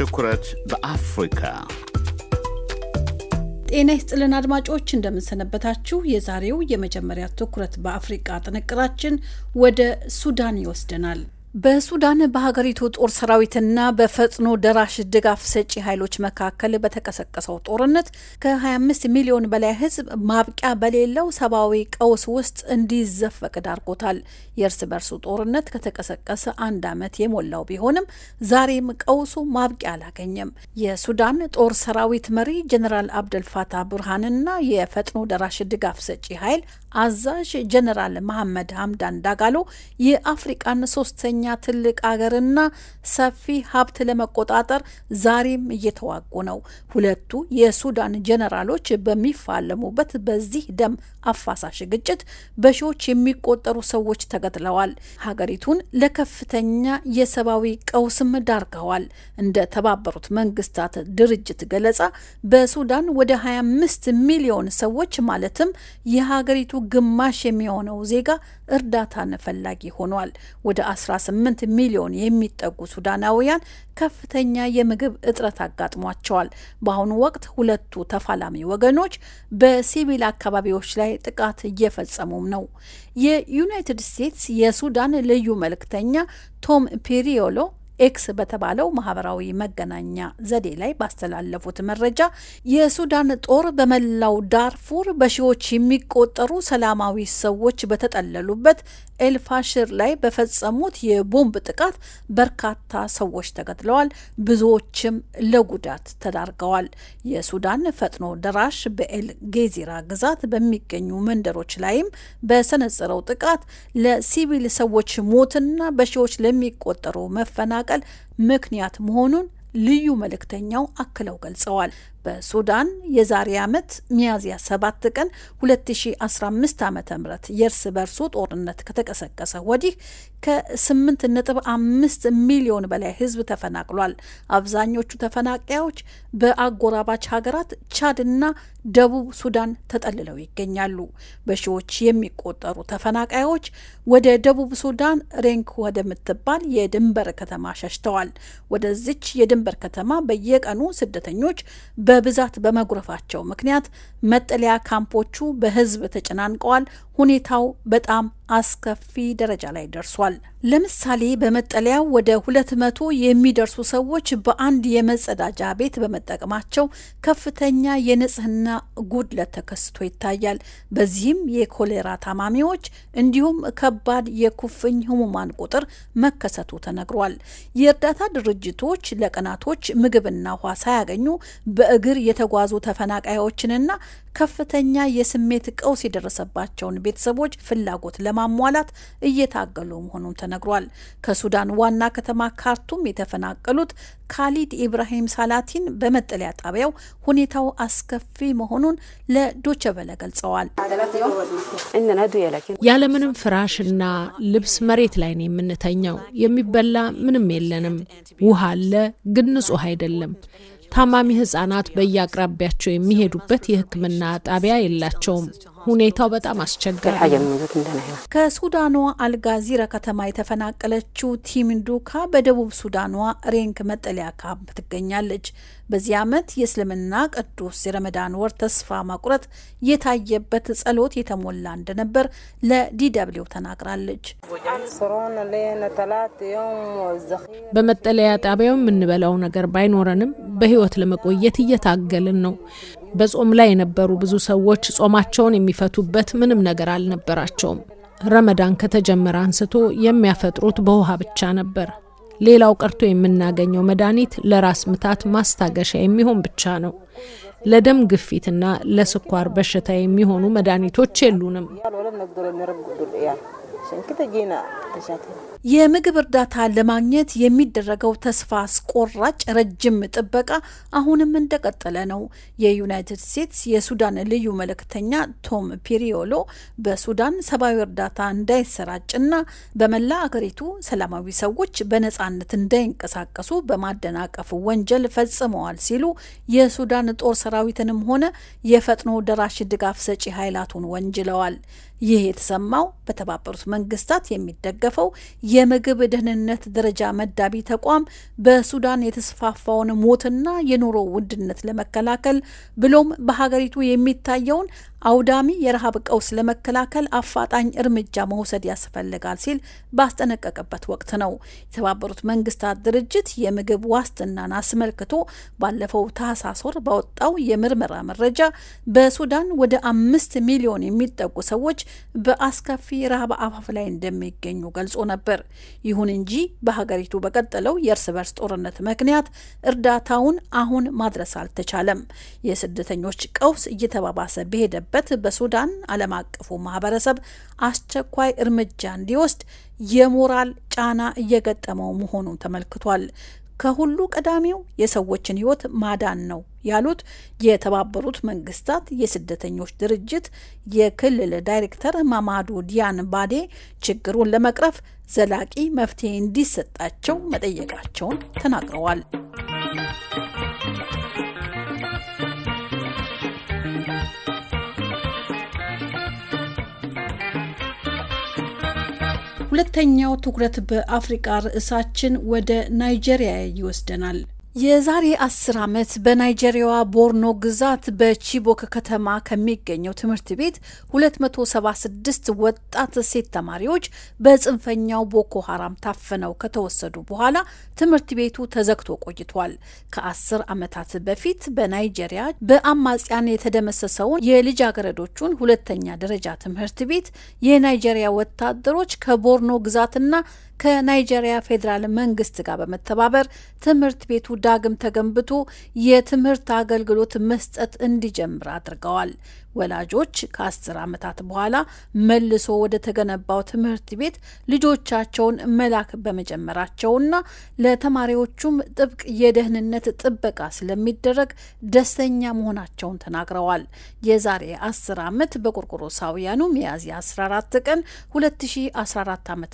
ትኩረት በአፍሪካ ጤና ይስጥልን አድማጮች፣ እንደምንሰነበታችሁ። የዛሬው የመጀመሪያ ትኩረት በአፍሪቃ ጥንቅራችን ወደ ሱዳን ይወስደናል። በሱዳን በሀገሪቱ ጦር ሰራዊትና በፈጥኖ ደራሽ ድጋፍ ሰጪ ኃይሎች መካከል በተቀሰቀሰው ጦርነት ከ25 ሚሊዮን በላይ ሕዝብ ማብቂያ በሌለው ሰብአዊ ቀውስ ውስጥ እንዲዘፈቅ ዳርጎታል። የእርስ በርሱ ጦርነት ከተቀሰቀሰ አንድ ዓመት የሞላው ቢሆንም ዛሬም ቀውሱ ማብቂያ አላገኘም። የሱዳን ጦር ሰራዊት መሪ ጀኔራል አብደልፋታ ቡርሃንና የፈጥኖ ደራሽ ድጋፍ ሰጪ ኃይል አዛዥ ጀነራል መሐመድ ሀምዳን ዳጋሎ የአፍሪቃን ሶስተኛ ትልቅ አገርና ሰፊ ሀብት ለመቆጣጠር ዛሬም እየተዋጉ ነው። ሁለቱ የሱዳን ጀነራሎች በሚፋለሙበት በዚህ ደም አፋሳሽ ግጭት በሺዎች የሚቆጠሩ ሰዎች ተገድለዋል። ሀገሪቱን ለከፍተኛ የሰብአዊ ቀውስም ዳርገዋል። እንደ ተባበሩት መንግስታት ድርጅት ገለጻ በሱዳን ወደ 25 ሚሊዮን ሰዎች ማለትም የሀገሪቱ ግማሽ የሚሆነው ዜጋ እርዳታን ፈላጊ ሆኗል። ወደ 18 ሚሊዮን የሚጠጉ ሱዳናውያን ከፍተኛ የምግብ እጥረት አጋጥሟቸዋል። በአሁኑ ወቅት ሁለቱ ተፋላሚ ወገኖች በሲቪል አካባቢዎች ላይ ጥቃት እየፈጸሙም ነው። የዩናይትድ ስቴትስ የሱዳን ልዩ መልእክተኛ ቶም ፒሪዮሎ ኤክስ በተባለው ማህበራዊ መገናኛ ዘዴ ላይ ባስተላለፉት መረጃ የሱዳን ጦር በመላው ዳርፉር በሺዎች የሚቆጠሩ ሰላማዊ ሰዎች በተጠለሉበት ኤልፋሽር ላይ በፈጸሙት የቦምብ ጥቃት በርካታ ሰዎች ተገድለዋል፣ ብዙዎችም ለጉዳት ተዳርገዋል። የሱዳን ፈጥኖ ደራሽ በኤል ጌዚራ ግዛት በሚገኙ መንደሮች ላይም በሰነዘረው ጥቃት ለሲቪል ሰዎች ሞትና በሺዎች ለሚቆጠሩ መፈናቀል መቀላቀል ምክንያት መሆኑን ልዩ መልእክተኛው አክለው ገልጸዋል። በሱዳን የዛሬ ዓመት ሚያዝያ 7 ቀን 2015 ዓ ም የእርስ በርሱ ጦርነት ከተቀሰቀሰ ወዲህ ከ8.5 ሚሊዮን በላይ ሕዝብ ተፈናቅሏል። አብዛኞቹ ተፈናቃዮች በአጎራባች ሀገራት ቻድና ደቡብ ሱዳን ተጠልለው ይገኛሉ። በሺዎች የሚቆጠሩ ተፈናቃዮች ወደ ደቡብ ሱዳን ሬንክ ወደምትባል የድንበር ከተማ ሸሽተዋል። ወደዚች የድንበር ከተማ በየቀኑ ስደተኞች በብዛት በመጉረፋቸው ምክንያት መጠለያ ካምፖቹ በህዝብ ተጨናንቀዋል። ሁኔታው በጣም አስከፊ ደረጃ ላይ ደርሷል። ለምሳሌ በመጠለያው ወደ ሁለት መቶ የሚደርሱ ሰዎች በአንድ የመጸዳጃ ቤት በመጠቀማቸው ከፍተኛ የንጽህና ጉድለት ተከስቶ ይታያል። በዚህም የኮሌራ ታማሚዎች እንዲሁም ከባድ የኩፍኝ ህሙማን ቁጥር መከሰቱ ተነግሯል። የእርዳታ ድርጅቶች ለቀናቶች ምግብና ውሃ ሳያገኙ በእግር የተጓዙ ተፈናቃዮችንና ከፍተኛ የስሜት ቀውስ የደረሰባቸውን ቤተሰቦች ፍላጎት ለማሟላት እየታገሉ መሆኑን ተነግሯል። ከሱዳን ዋና ከተማ ካርቱም የተፈናቀሉት ካሊድ ኢብራሂም ሳላቲን በመጠለያ ጣቢያው ሁኔታው አስከፊ መሆኑን ለዶቸበለ ገልጸዋል። ያለምንም ፍራሽና ልብስ መሬት ላይ ነው የምንተኛው። የሚበላ ምንም የለንም። ውሃ አለ፣ ግን ንጹህ አይደለም። ታማሚ ህጻናት በየአቅራቢያቸው የሚሄዱበት የህክምና ጣቢያ የላቸውም። ሁኔታው በጣም አስቸጋሪ። ከሱዳኗ አልጋዚራ ከተማ የተፈናቀለችው ቲምዱካ በደቡብ ሱዳኗ ሬንክ መጠለያ ካምፕ ትገኛለች። በዚህ ዓመት የእስልምና ቅዱስ የረመዳን ወር ተስፋ መቁረጥ የታየበት ጸሎት የተሞላ እንደነበር ለዲደብሊው ተናግራለች። በመጠለያ ጣቢያው የምንበላው ነገር ባይኖረንም በህይወት ለመቆየት እየታገልን ነው። በጾም ላይ የነበሩ ብዙ ሰዎች ጾማቸውን የሚፈቱበት ምንም ነገር አልነበራቸውም። ረመዳን ከተጀመረ አንስቶ የሚያፈጥሩት በውሃ ብቻ ነበር። ሌላው ቀርቶ የምናገኘው መድኃኒት ለራስ ምታት ማስታገሻ የሚሆን ብቻ ነው። ለደም ግፊትና ለስኳር በሽታ የሚሆኑ መድኃኒቶች የሉንም። የምግብ እርዳታ ለማግኘት የሚደረገው ተስፋ አስቆራጭ ረጅም ጥበቃ አሁንም እንደቀጠለ ነው። የዩናይትድ ስቴትስ የሱዳን ልዩ መልእክተኛ ቶም ፒሪዮሎ በሱዳን ሰብአዊ እርዳታ እንዳይሰራጭና በመላ አገሪቱ ሰላማዊ ሰዎች በነፃነት እንዳይንቀሳቀሱ በማደናቀፍ ወንጀል ፈጽመዋል ሲሉ የሱዳን ጦር ሰራዊትንም ሆነ የፈጥኖ ደራሽ ድጋፍ ሰጪ ኃይላቱን ወንጅለዋል። ይህ የተሰማው በተባበሩት መንግስታት የሚደገፈው የምግብ ደህንነት ደረጃ መዳቢ ተቋም በሱዳን የተስፋፋውን ሞትና የኑሮ ውድነት ለመከላከል ብሎም በሀገሪቱ የሚታየውን አውዳሚ የረሃብ ቀውስ ለመከላከል አፋጣኝ እርምጃ መውሰድ ያስፈልጋል ሲል ባስጠነቀቀበት ወቅት ነው። የተባበሩት መንግስታት ድርጅት የምግብ ዋስትናን አስመልክቶ ባለፈው ታህሳስ ወር ባወጣው የምርመራ መረጃ በሱዳን ወደ አምስት ሚሊዮን የሚጠጉ ሰዎች በአስከፊ ረሃብ አፋፍ ላይ እንደሚገኙ ገልጾ ነበር። ይሁን እንጂ በሀገሪቱ በቀጠለው የእርስ በርስ ጦርነት ምክንያት እርዳታውን አሁን ማድረስ አልተቻለም። የስደተኞች ቀውስ እየተባባሰ ብሄደ። ባለበት በሱዳን ዓለም አቀፉ ማህበረሰብ አስቸኳይ እርምጃ እንዲወስድ የሞራል ጫና እየገጠመው መሆኑን ተመልክቷል። ከሁሉ ቀዳሚው የሰዎችን ሕይወት ማዳን ነው ያሉት የተባበሩት መንግስታት የስደተኞች ድርጅት የክልል ዳይሬክተር ማማዱ ዲያን ባዴ ችግሩን ለመቅረፍ ዘላቂ መፍትሄ እንዲሰጣቸው መጠየቃቸውን ተናግረዋል። ሁለተኛው ትኩረት በአፍሪቃ ርዕሳችን ወደ ናይጄሪያ ይወስደናል። የዛሬ አስር ዓመት በናይጄሪያዋ ቦርኖ ግዛት በቺቦክ ከተማ ከሚገኘው ትምህርት ቤት 276 ወጣት ሴት ተማሪዎች በጽንፈኛው ቦኮ ሀራም ታፍነው ከተወሰዱ በኋላ ትምህርት ቤቱ ተዘግቶ ቆይቷል። ከአስር ዓመታት በፊት በናይጄሪያ በአማጽያን የተደመሰሰውን የልጃገረዶቹን ሁለተኛ ደረጃ ትምህርት ቤት የናይጄሪያ ወታደሮች ከቦርኖ ግዛትና ከናይጄሪያ ፌዴራል መንግስት ጋር በመተባበር ትምህርት ቤቱ ዳግም ተገንብቶ የትምህርት አገልግሎት መስጠት እንዲጀምር አድርገዋል። ወላጆች ከአስር ዓመታት በኋላ መልሶ ወደ ተገነባው ትምህርት ቤት ልጆቻቸውን መላክ በመጀመራቸውና ለተማሪዎቹም ጥብቅ የደህንነት ጥበቃ ስለሚደረግ ደስተኛ መሆናቸውን ተናግረዋል። የዛሬ 10 ዓመት በቆርቆሮሳውያኑ ሚያዝያ 14 ቀን 2014 ዓ ም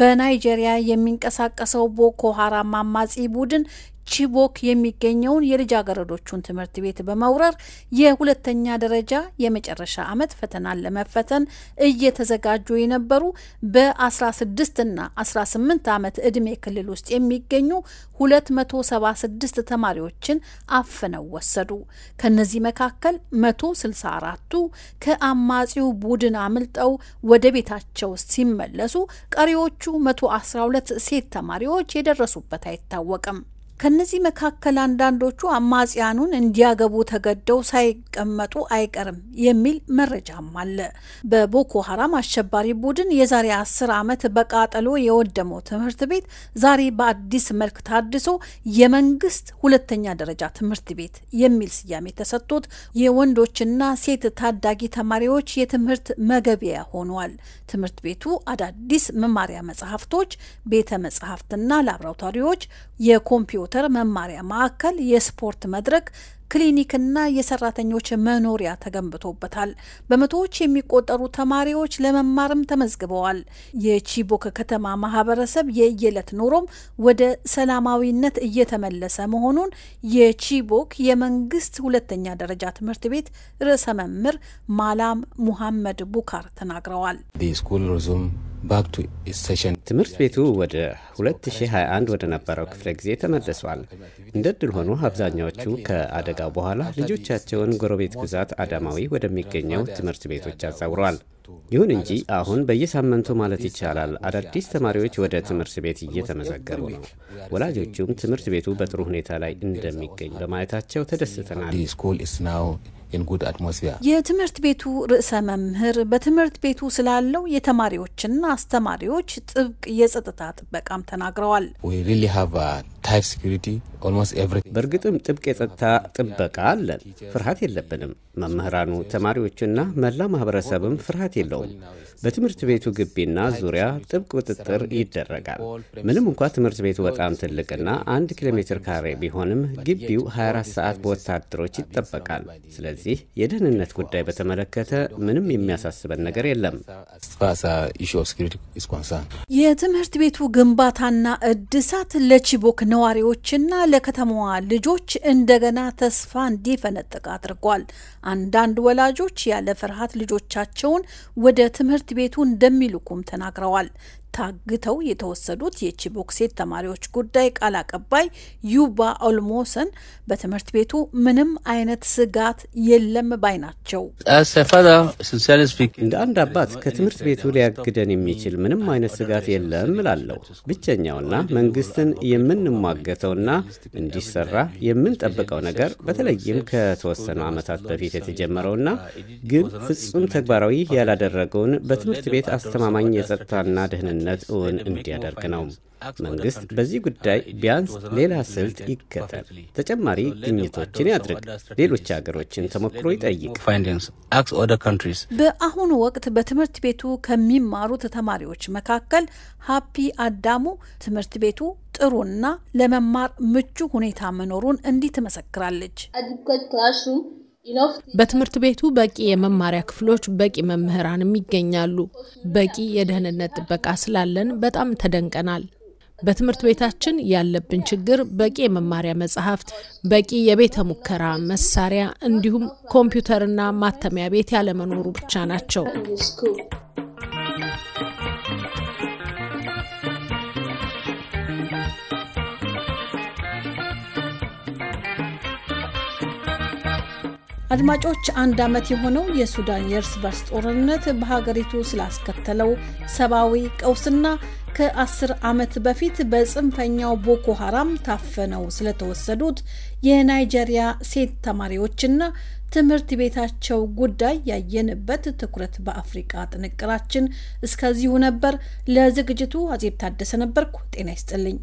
በናይጄሪያ የሚንቀሳቀሰው ቦኮ ሀራም አማጺ ቡድን ቺቦክ የሚገኘውን የልጃገረዶቹን ትምህርት ቤት በመውረር የሁለተኛ ደረጃ የመጨረሻ ዓመት ፈተናን ለመፈተን እየተዘጋጁ የነበሩ በ16 እና 18 ዓመት ዕድሜ ክልል ውስጥ የሚገኙ 276 ተማሪዎችን አፍነው ወሰዱ። ከነዚህ መካከል 164ቱ ከአማጺው ቡድን አምልጠው ወደ ቤታቸው ሲመለሱ፣ ቀሪዎቹ 112 ሴት ተማሪዎች የደረሱበት አይታወቅም። ከነዚህ መካከል አንዳንዶቹ አማጽያኑን እንዲያገቡ ተገደው ሳይቀመጡ አይቀርም የሚል መረጃም አለ። በቦኮ ሀራም አሸባሪ ቡድን የዛሬ አስር ዓመት በቃጠሎ የወደመው ትምህርት ቤት ዛሬ በአዲስ መልክ ታድሶ የመንግስት ሁለተኛ ደረጃ ትምህርት ቤት የሚል ስያሜ ተሰጥቶት የወንዶችና ሴት ታዳጊ ተማሪዎች የትምህርት መገቢያ ሆኗል። ትምህርት ቤቱ አዳዲስ መማሪያ መጽሐፍቶች፣ ቤተ መጽሐፍትና ላብራቶሪዎች፣ የኮምፒ። ኮምፒውተር መማሪያ ማዕከል፣ የስፖርት መድረክ፣ ክሊኒክና የሰራተኞች መኖሪያ ተገንብቶበታል። በመቶዎች የሚቆጠሩ ተማሪዎች ለመማርም ተመዝግበዋል። የቺቦክ ከተማ ማህበረሰብ የየዕለት ኑሮም ወደ ሰላማዊነት እየተመለሰ መሆኑን የቺቦክ የመንግስት ሁለተኛ ደረጃ ትምህርት ቤት ርዕሰ መምህር ማላም ሙሐመድ ቡካር ተናግረዋል። ትምህርት ቤቱ ወደ 2021 ወደ ነበረው ክፍለ ጊዜ ተመልሷል። እንደ ድል ሆኖ አብዛኛዎቹ ከአደጋው በኋላ ልጆቻቸውን ጎረቤት ግዛት አዳማዊ ወደሚገኘው ትምህርት ቤቶች አዛውረዋል። ይሁን እንጂ አሁን በየሳምንቱ ማለት ይቻላል አዳዲስ ተማሪዎች ወደ ትምህርት ቤት እየተመዘገቡ ነው። ወላጆቹም ትምህርት ቤቱ በጥሩ ሁኔታ ላይ እንደሚገኝ በማየታቸው ተደስተናል። የትምህርት ቤቱ ርዕሰ መምህር በትምህርት ቤቱ ስላለው የተማሪዎችና አስተማሪዎች ጥብቅ የጸጥታ ጥበቃም ተናግረዋል። በእርግጥም ጥብቅ የጸጥታ ጥበቃ አለን። ፍርሃት የለብንም። መምህራኑ፣ ተማሪዎችና መላ ማህበረሰብም ፍርሃት የለውም። በትምህርት ቤቱ ግቢና ዙሪያ ጥብቅ ቁጥጥር ይደረጋል። ምንም እንኳ ትምህርት ቤቱ በጣም ትልቅና አንድ ኪሎ ሜትር ካሬ ቢሆንም ግቢው 24 ሰዓት በወታደሮች ይጠበቃል። ስለዚህ ስለዚህ የደህንነት ጉዳይ በተመለከተ ምንም የሚያሳስበን ነገር የለም። የትምህርት ቤቱ ግንባታና እድሳት ለቺቦክ ነዋሪዎችና ለከተማዋ ልጆች እንደገና ተስፋ እንዲፈነጥቅ አድርጓል። አንዳንድ ወላጆች ያለ ፍርሃት ልጆቻቸውን ወደ ትምህርት ቤቱ እንደሚልኩም ተናግረዋል። ታግተው የተወሰዱት የቺቦክ ሴት ተማሪዎች ጉዳይ ቃል አቀባይ ዩባ ኦልሞሰን በትምህርት ቤቱ ምንም አይነት ስጋት የለም ባይ ናቸው። እንደ አንድ አባት ከትምህርት ቤቱ ሊያግደን የሚችል ምንም አይነት ስጋት የለም እላለሁ። ብቸኛውና መንግስትን የምንሟገተውና እንዲሰራ የምንጠብቀው ነገር በተለይም ከተወሰኑ ዓመታት በፊት የተጀመረውና ግን ፍጹም ተግባራዊ ያላደረገውን በትምህርት ቤት አስተማማኝ የጸጥታና ደህንነት ስምምነት እውን እንዲያደርግ ነው። መንግስት በዚህ ጉዳይ uh, ቢያንስ ሌላ ስልት ይከተል፣ ተጨማሪ ግኝቶችን ያድርግ፣ ሌሎች ሀገሮችን ተሞክሮ ይጠይቅ። በአሁኑ ወቅት በትምህርት ቤቱ ከሚማሩት ተማሪዎች መካከል ሀፒ አዳሙ ትምህርት ቤቱ ጥሩና ለመማር ምቹ ሁኔታ መኖሩን እንዲህ ትመሰክራለች። በትምህርት ቤቱ በቂ የመማሪያ ክፍሎች፣ በቂ መምህራንም ይገኛሉ። በቂ የደህንነት ጥበቃ ስላለን በጣም ተደንቀናል። በትምህርት ቤታችን ያለብን ችግር በቂ የመማሪያ መጽሐፍት፣ በቂ የቤተ ሙከራ መሳሪያ እንዲሁም ኮምፒውተርና ማተሚያ ቤት ያለመኖሩ ብቻ ናቸው። አድማጮች አንድ ዓመት የሆነው የሱዳን የእርስ በርስ ጦርነት በሀገሪቱ ስላስከተለው ሰብአዊ ቀውስና ከአስር ዓመት በፊት በጽንፈኛው ቦኮ ሀራም ታፈነው ስለተወሰዱት የናይጀሪያ ሴት ተማሪዎችና ትምህርት ቤታቸው ጉዳይ ያየንበት ትኩረት በአፍሪቃ ጥንቅራችን እስከዚሁ ነበር። ለዝግጅቱ አዜብ ታደሰ ነበርኩ። ጤና ይስጥልኝ።